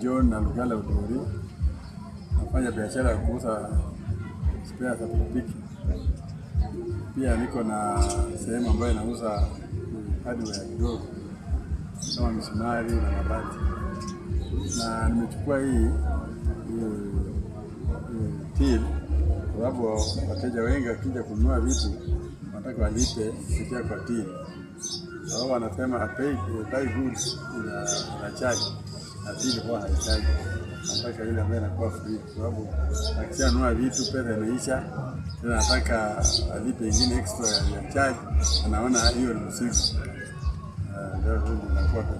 John Nalugala udori nafanya biashara ya kuuza spea za pikipiki. Pia niko na sehemu ambayo inauza hardware ya kidogo kama misumari na mabati, na nimechukua hii til kwa sababu wateja wengi wakija kununua vitu wanataka walipe kupitia kwa til kwa sababu wanasema buy goods na chaji na pili kwa hahitaji nataka yule ambaye anakuwa free, kwa sababu akishanunua vitu pesa inaisha, tena nataka alipe ingine extra ya charge, anaona hiyo ni msifu, ndio ah, inakuwa kwa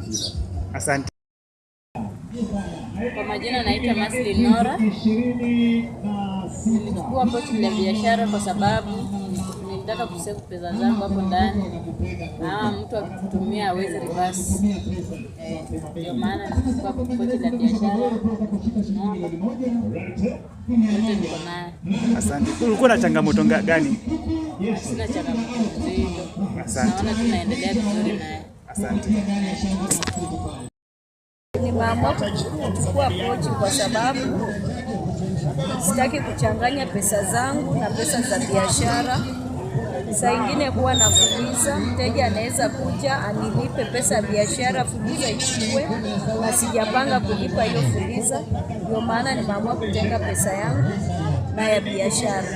Asante. Kwa majina naitwa Maslin Nora, nilichukua pochi la biashara kwa sababu ukitaka kusave pesa zako hapo ndani, ama mtu akikutumia aweze reverse. Eh, ndio maana kwa popote la biashara Asante. Ulikuwa na changamoto gani? Sina changamoto Asante. Naona tunaendelea vizuri naye. Asante. Nimeamua kuchukua pochi kwa sababu sitaki kuchanganya pesa zangu na pesa za biashara. Saa ingine huwa na fuliza, mteja anaweza kuja anilipe pesa ya biashara, fuliza ichukue, na sijapanga kulipa hiyo fuliza. Ndio maana nimeamua kutenga pesa yangu na ya biashara.